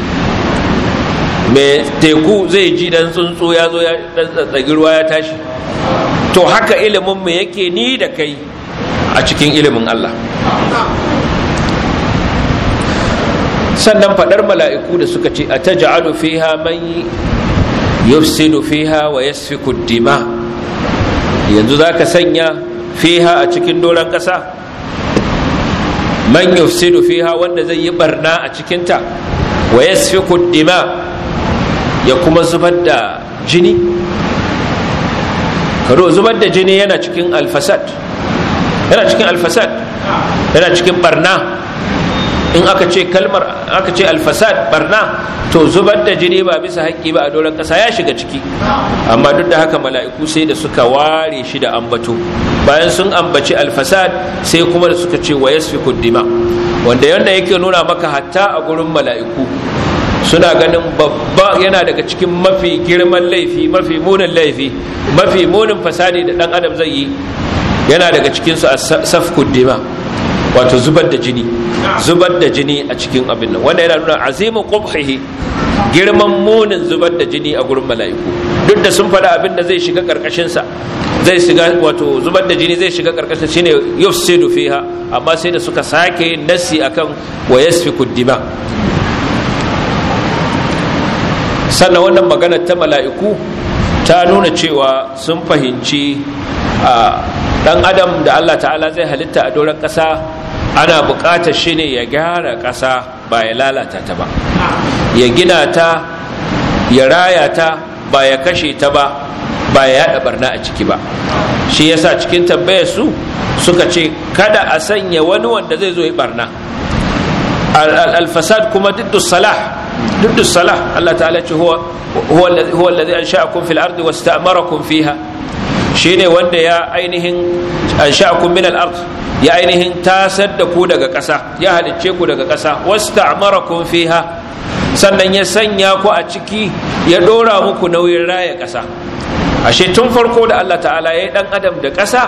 S1: mai teku zai ji ɗan tsuntsu ya zo ya tsatsagi ruwa ya tashi to haka ilimin mu yake ni da kai a cikin ilimin Allah sannan faɗar mala'iku da suka ce a ta ja'alu fiha man yufsidu fiha wa yasfiku dima yanzu za ka sanya fiha a cikin doron ƙasa man yufsidu fiha wanda zai yi barna a cikinta wa yasfiku dima ya kuma zubar da jini karo zubar da jini yana cikin alfasad yana cikin alfasad yana cikin barna in aka ce kalmar aka ce alfasad barna to zubar da jini ba bisa haƙƙi ba a doron ƙasa ya shiga ciki amma duk da haka mala'iku sai da suka ware shi da ambato bayan sun ambaci alfasad sai kuma da suka ce wa fi kuddima wanda yanda yake nuna maka hatta a gurin mala'iku suna ganin babba yana daga cikin mafi girman laifi mafi munin laifi mafi munin fasadi da dan adam zai yi yana daga cikinsu a safkud dima wato zubar da jini zubar da jini a cikin abin nan wanda yana nuna azimu qubhihi girman munin zubar da jini a gurin mala'iku duk da sun faɗa abin da zai shiga karkashin sa zai shiga wato zubar da jini zai shiga karkashin shine yufsidu fiha amma sai da suka sake nasi akan wa yasfiku dima sannan wannan magana ta mala'iku ta nuna cewa sun fahimci a dan adam da Allah ta'ala zai halitta a doron ƙasa ana bukatar shi ne ya gyara ƙasa ba ya lalata ta ba ya gina ta ya raya ta ba ya kashe ta ba ba ya yada barna a ciki ba shi yasa cikin tambayar su suka ce kada a sanya wani wanda zai zo ya barna alfasad kuma diddu salah diddu salah Allah ta'ala ce huwa huwa alladhi ansha'akum fil ardi wasta'marakum fiha shine wanda ya ainihin ansha'akum min al-ard ya ainihin tasar da ku daga ƙasa ya halicce ku daga ƙasa wasu wasta'marakum fiha sannan ya sanya ku a ciki ya ɗora muku nauyin raya ƙasa ashe tun farko da Allah ta'ala ya yi ɗan adam da ƙasa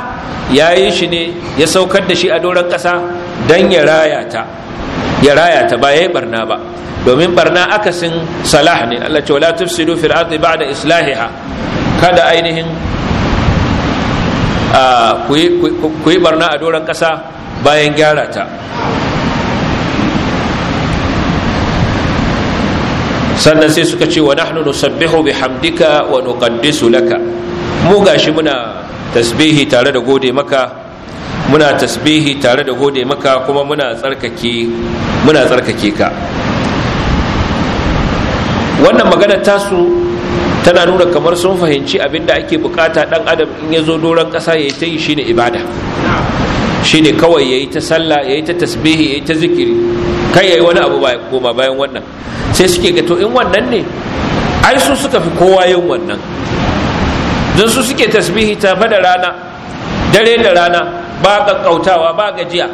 S1: ya yi shi ne ya saukar da shi a doron ƙasa don ya raya ta ya raya ta ba ya yi barna ba domin barna akasin salah ne Allah ce wala tufsidu fil ardi ba'da islahiha kada ainihin ku yi barna a doron ƙasa bayan gyara ta sannan sai suka ce wa nahnu nusabbihu bihamdika wa nuqaddisu laka mu gashi muna tasbihi tare da gode maka muna tasbihi tare da gode maka kuma muna tsarkake muna tsarkake ka wannan magana tasu tana nuna kamar sun fahimci abin da ake bukata dan adam in ya zo doron ƙasa ya yi ta yi shine ibada shine kawai ya yi ta sallah ya yi ta tasbihi ya yi ta zikiri kai ya yi wani abu koma bayan wannan sai suke ga to in wannan ne ai su suka fi kowa yin wannan don su suke tasbihi ta da rana dare da rana ba ƙaƙƙautawa ba gajiya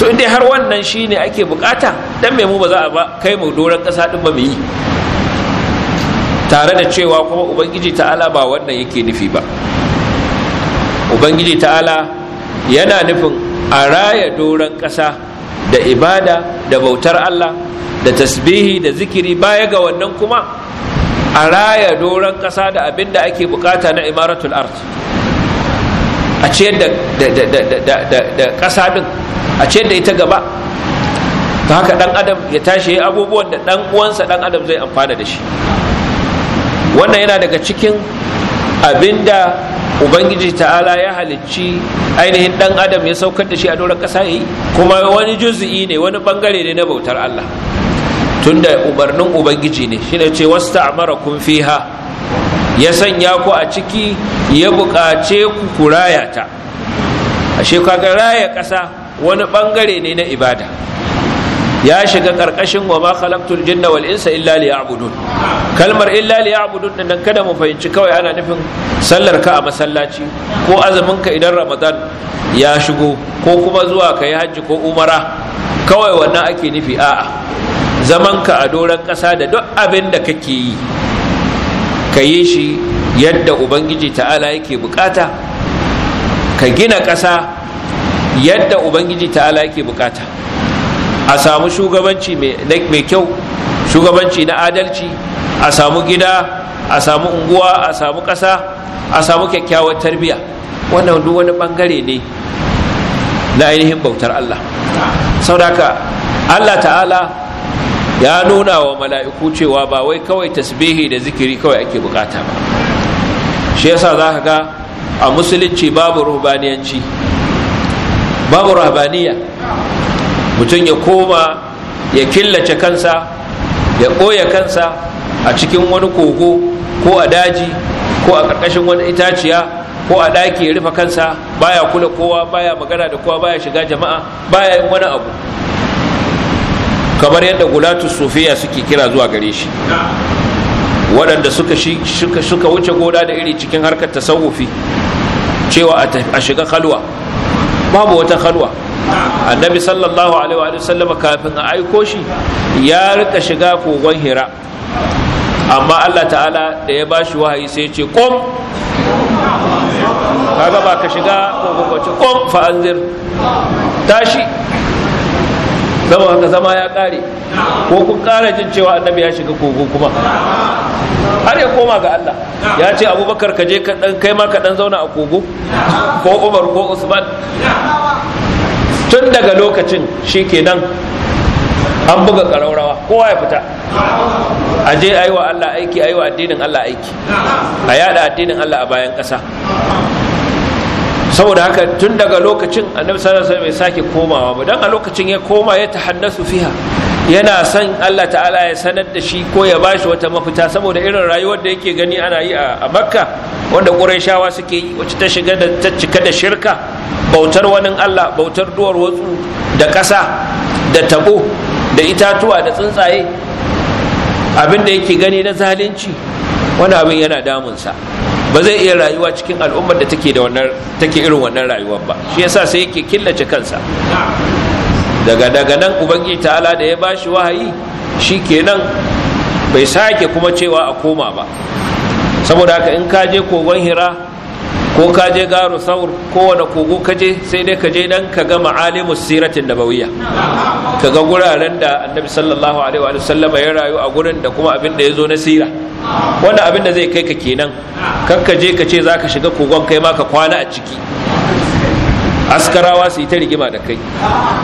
S1: to dai har wannan shine ake bukata dan me mu ba za a ba kai mu doron ƙasa din ba mu yi tare da cewa kuma ubangiji ta'ala ba wannan yake nufi ba ubangiji ta'ala yana nufin a raya doron ƙasa da ibada da bautar Allah da tasbihi da zikiri baya ga wannan kuma a raya doron ƙasa da abin da ake bukata na imaratul art a ciyar da ƙasa ɗin a ciyar da ita gaba ta haka ɗan adam ya tashi abubuwan da ɗan uwansa ɗan adam zai amfana da shi wannan yana daga cikin abinda ubangiji ta'ala ya halicci ainihin dan adam ya saukar da shi a doron kasa yi kuma wani juzu'i ne wani bangare ne na bautar Allah tunda umarnin ubangiji ne shine ce wasta amara kun fiha ya sanya ku a ciki ya buƙace ku ku raya ta ashe kaga raya ƙasa wani bangare ne na ibada ya shiga karkashin wa ma khalaqtul jinna wal insa illa liya'budun kalmar illa liya'budun din nan kada mu fahimci kawai ana nufin sallar ka a masallaci ko azumin ka idan ramadan ya shigo ko kuma zuwa kai hajji ko umara kawai wannan ake nufi a'a zaman ka a doran ƙasa da duk abin da kake yi ka yi shi yadda ubangiji ta'ala yake bukata ka gina ƙasa yadda ubangiji ta'ala yake bukata a samu shugabanci mai kyau shugabanci na adalci a samu gida a samu unguwa a samu ƙasa a samu kyakkyawar tarbiyya wannan duk wani bangare ne na ainihin bautar Allah saudaka Allah ta'ala ya nuna wa mala'iku cewa ba wai kawai tasbihi da zikiri kawai ake bukata ba shi yasa za ka ga a musulunci babu ruhbaniyanci babu ruhbaniya mutum ya koma ya killace kansa ya ɓoye kansa a cikin wani kogo ko a daji ko a ƙarƙashin wani itaciya ko a ɗaki ya rufe kansa baya kula kowa baya magana da kowa baya shiga jama'a baya yin wani abu kamar yadda gulatu sofiya suke kira zuwa gare shi waɗanda suka wuce goda da iri cikin harkar tasawufi cewa a shiga kalwa babu wata kalwa annabi sallallahu alaihi wa sallama kafin a aiko shi ya rika shiga kogon hira amma Allah ta'ala da ya ba shi wahayi sai ya ce kom kaga ba ka shiga kogon wace kom fa anzir tashi zama haka zama ya kare ko kun kara jin cewa annabi ya shiga kogo kuma har ya koma ga Allah ya ce abubakar ka je kai ma ka dan zauna a kogo ko umar ko usman tun daga lokacin shi kenan an buga ƙaraurawa kowa ya fita a je a yi Allah aiki a yi addinin Allah aiki a yada addinin Allah a bayan ƙasa saboda haka tun daga lokacin annabi sallallahu alaihi wasallam sake komawa ba dan a lokacin ya koma ya tahaddasu fiha yana son Allah ta'ala ya sanar da shi ko ya ba shi wata mafita saboda irin rayuwar da yake gani ana yi a Makka wanda Qurayshawa suke yi wacce ta shiga da ta cika da shirka bautar wani Allah bautar duwar watsu da ƙasa da tabo da itatuwa da tsuntsaye abinda da yake gani na zalunci wani abin yana damunsa ba zai iya rayuwa cikin al'ummar da take da wannan take irin wannan rayuwar ba shi yasa sai yake killace kansa daga daga nan ubangiji ta'ala da ya bashi wahayi shi shikenan bai sake kuma cewa a koma ba saboda haka in ka je kogon hira ko ka je garo saur kowane kogo ka je sai dai ka je dan ka ga ma'alimus siratin nabawiyya ka ga guraren da annabi sallallahu alaihi wa sallama ya rayu a gurin da kuma abin da ya zo na sira wanda abin da zai kai ka kenan kakka je ka ce za ka shiga kogon kai ma ka kwana a ciki askarawa su yi ta rigima da kai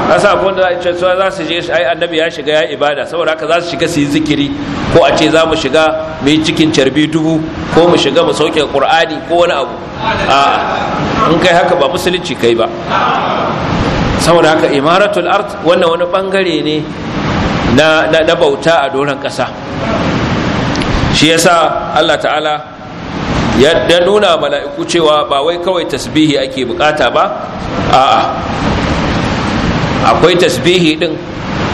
S1: na sa abin da za su je ai annabi ya shiga ya ibada saboda haka za su shiga su yi zikiri ko a ce za mu shiga mu yi cikin carbi dubu ko mu shiga mu sauke ƙur'ani, ko wani abu a in kai haka ba musulunci kai ba saboda haka imaratul art wannan wani bangare ne na bauta a doron ƙasa shi yasa Allah ta'ala yadda nuna mala'iku cewa ba wai kawai tasbihi ake bukata ba a'a akwai tasbihi din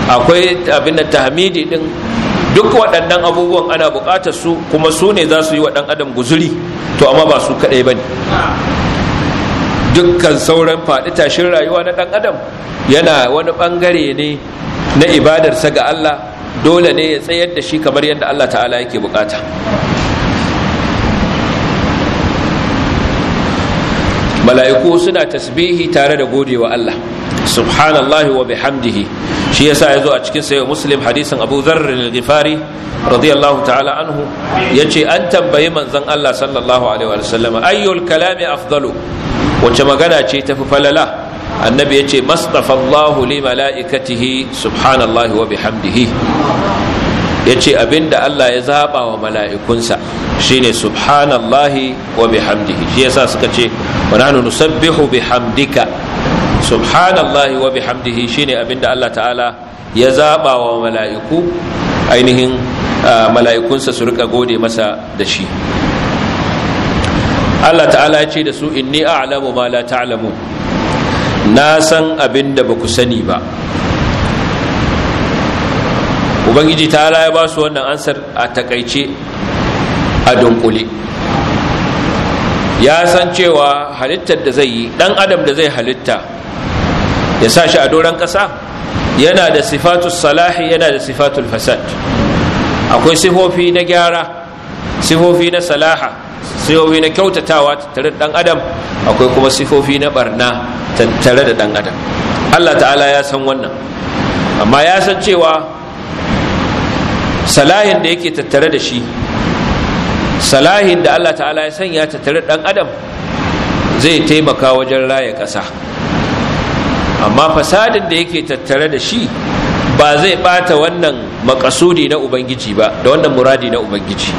S1: akwai abin da tahmidi din duk waɗannan abubuwan ana bukatar su kuma su ne za su yi wa ɗan adam guzuri to amma ba su kaɗai ba ne dukkan sauran faɗi tashin rayuwa na ɗan adam yana wani ɓangare ne na ibadarsa ga Allah dole ne ya tsayar da shi kamar yadda Allah ta'ala yake bukata mala'iku suna tasbihi tare da godewa Allah subhanallahi wa bihamdihi shi yasa yazo a cikin sayo muslim hadisin abu dharr al-ghifari radiyallahu ta'ala anhu yace an tambayi manzon Allah sallallahu alaihi wa sallama ayyul kalami afdalu wace magana ce tafi falala annabi ce mastafa Allah li mala'ikatihi subhanallahi wa bihamdihi ya ce abinda Allah ya zaɓa wa mala'ikunsa shine subhanallahi wa bihamdihi shi yasa suka ce wa nusabbihu bihamdika subhanallahi wa bihamdihi shine abinda Allah ta'ala ya zaɓa wa mala'iku ainihin mala'ikunsa su rika gode masa da shi Allah ta'ala ya ce da su inni a'lamu ma la ta'lamu na san abinda ba ku sani ba ubangiji ta ala ya ba su wannan ansar a takaice a dunkule ya san cewa halittar da zai yi dan adam da zai halitta ya sa shi a doron ƙasa yana da sifatul salahi yana da sifatul fasad akwai sifofi na gyara sifofi na salaha sifofi na kyautatawa tattare da dan adam akwai kuma sifofi na barna tattare da dan adam Allah ta'ala ya san wannan amma ya san cewa salahin da yake tattare da shi salahin da Allah ta'ala ya sanya tattare dan adam zai taimaka wajen raya kasa. amma fasadin da yake tattare da shi ba zai bata wannan makasudi na ubangiji ba da wannan muradi na ubangiji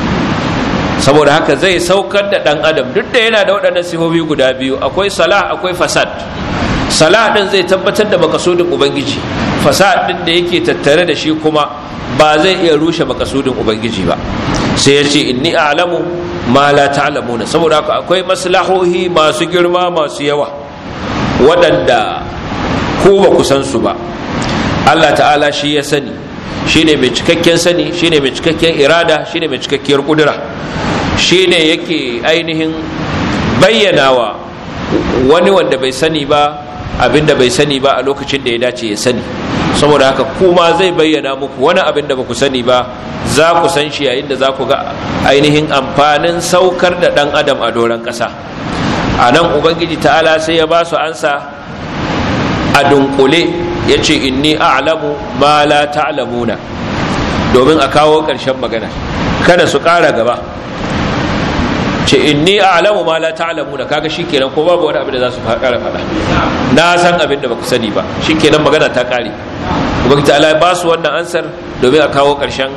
S1: saboda haka zai saukar da dan adam duk da yana da waɗannan sifofi guda biyu akwai salah akwai fasad salah din zai tabbatar da makasudin ubangiji fasad din da yake tattare da shi kuma ba zai iya rushe makasudin ubangiji ba sai ya ce inni a'lamu ma la ta'lamuna saboda haka akwai maslahohi masu girma masu yawa waɗanda ko ba ku san su ba Allah ta'ala shi ya sani shine mai cikakken sani shine mai cikakken irada shine mai cikakkiyar kudura shine yake ainihin bayyanawa wani wanda bai sani ba abinda bai sani ba a lokacin da ya dace ya sani saboda haka kuma zai bayyana muku wani abin da ba ku sani ba za ku san shi yayin da za ku ga ainihin amfanin saukar da ɗan adam a doron ƙasa a nan ubangiji ta'ala sai ya ba su ansa a dunkule ya ce inni a'lamu ma la ta'lamuna domin a kawo ƙarshen magana kada su ƙara gaba ce inni a'lamu ma la ta'lamuna kaga shikenan ko babu wani abin da za su fara fada na san abin da baku sani ba shikenan magana ta kare
S2: ubangiji ta'ala ya ba
S1: su wannan ansar domin a kawo karshen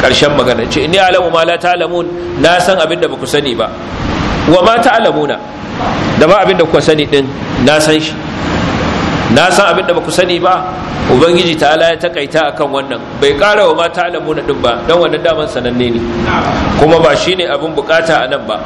S1: karshen magana ce inni a'lamu ma la ta'lamun na san abin da baku sani ba wa ma ta'lamuna da ba abin da kuka sani din na san shi na san abin da baku sani ba ubangiji ta'ala ya takaita akan wannan bai kara wa mata alamu din ba don wannan daman sananne ne kuma ba shine abin bukata a nan ba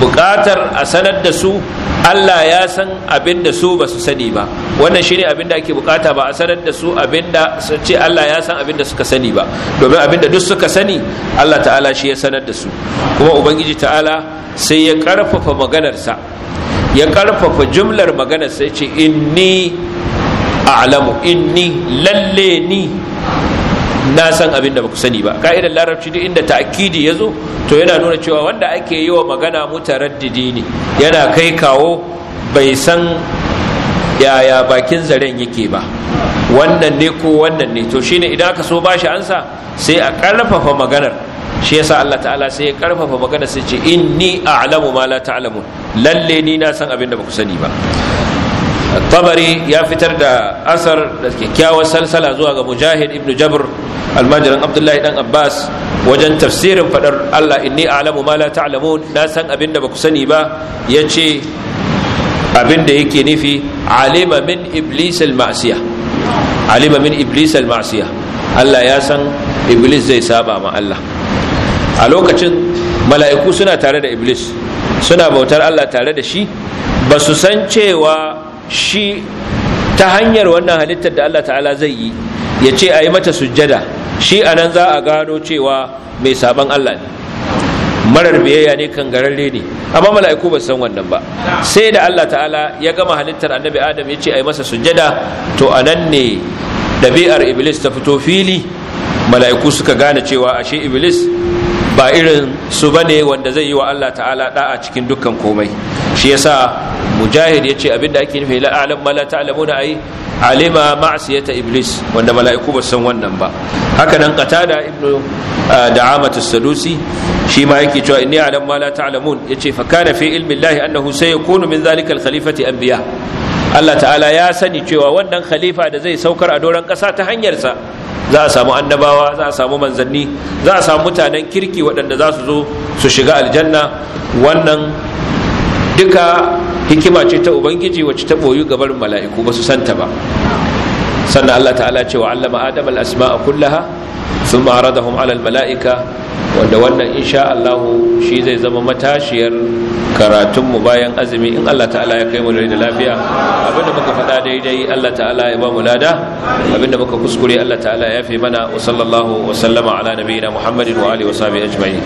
S1: bukatar a sanar da su Allah ya san abin da su ba su sani ba wannan shine abin da ake bukata ba a sanar da su abin da su ce Allah ya san abin da suka sani ba domin abin da duk suka sani Allah ta'ala shi ya sanar da su kuma ubangiji ta'ala sai ya karfafa maganarsa ya karfafa jumlar magana sai ce inni a'lamu inni lalle ni na san abin da baku sani ba ka'idar larabci duk inda ta'kidi yazo to yana nuna cewa wanda ake yi wa magana mutaraddidi ne yana kai kawo bai san yaya bakin zaren yake ba wannan ne ko wannan ne to shine idan aka so bashi ansa sai a karfafa maganar shi yasa Allah ta'ala sai ya karfafa magana sai ce inni a'lamu ma la ta'lamun lalle ni na san abin da baku sani ba tabari ya fitar da asar da kyakkyawar salsala zuwa ga mujahid ibnu jabr almajirin abdullahi dan abbas wajen tafsirin fadar Allah inni a'lamu ma la ta'lamun na san abin da baku sani ba yace abin da yake nufi alima min iblis al-ma'siya alima min iblis al Allah ya san iblis zai saba ma Allah a lokacin mala'iku suna tare da iblis suna bautar Allah tare da shi ba su san cewa shi ta hanyar wannan halittar da Allah ta'ala zai yi ya ce a yi mata sujjada shi a nan za a gano cewa mai sabon Allah ne marar biyayya ne kan kangararre ne amma mala'iku ba san wannan ba sai da Allah ta'ala ya gama halittar annabi adam ya ce a yi masa sujjada to a nan ne ɗabi'ar iblis ta fito fili mala'iku suka gane cewa ashe iblis ba irin su bane wanda zai yi wa Allah ta'ala da'a cikin dukkan komai shi yasa mujahid yace abinda ake nufi la alam mala ta'lamuna ai alima ma'siyata iblis wanda mala'iku ba san wannan ba haka nan qatada ibnu da'amatu sadusi shi ma yake cewa inni alam mala la ta'lamun yace fa kana fi ilmi Allah annahu sayakunu min zalika al-khalifati anbiya Allah ta'ala ya sani cewa wannan khalifa da zai saukar a doron ƙasa ta hanyarsa za a samu annabawa za a samu manzanni za a samu mutanen kirki waɗanda za su zo su shiga aljanna wannan duka hikima ce ta ubangiji wacce ta boyu gabarin mala'iku ba su santa ba sannan Allah ta'ala cewa allama adam al-asma'a kullaha sun ma'aradahum alal mala'ika wanda wannan insha allahu shi zai zama matashiyar karatunmu bayan azumi in Allah ta'ala ya kai mu da lafiya abinda muka faɗa daidai Allah ta'ala ya ba mu lada abinda muka kuskure Allah ta'ala ya fi mana wa sallallahu wa sallama ala nabiyina Muhammadin wa alihi wa sahbihi ajma'in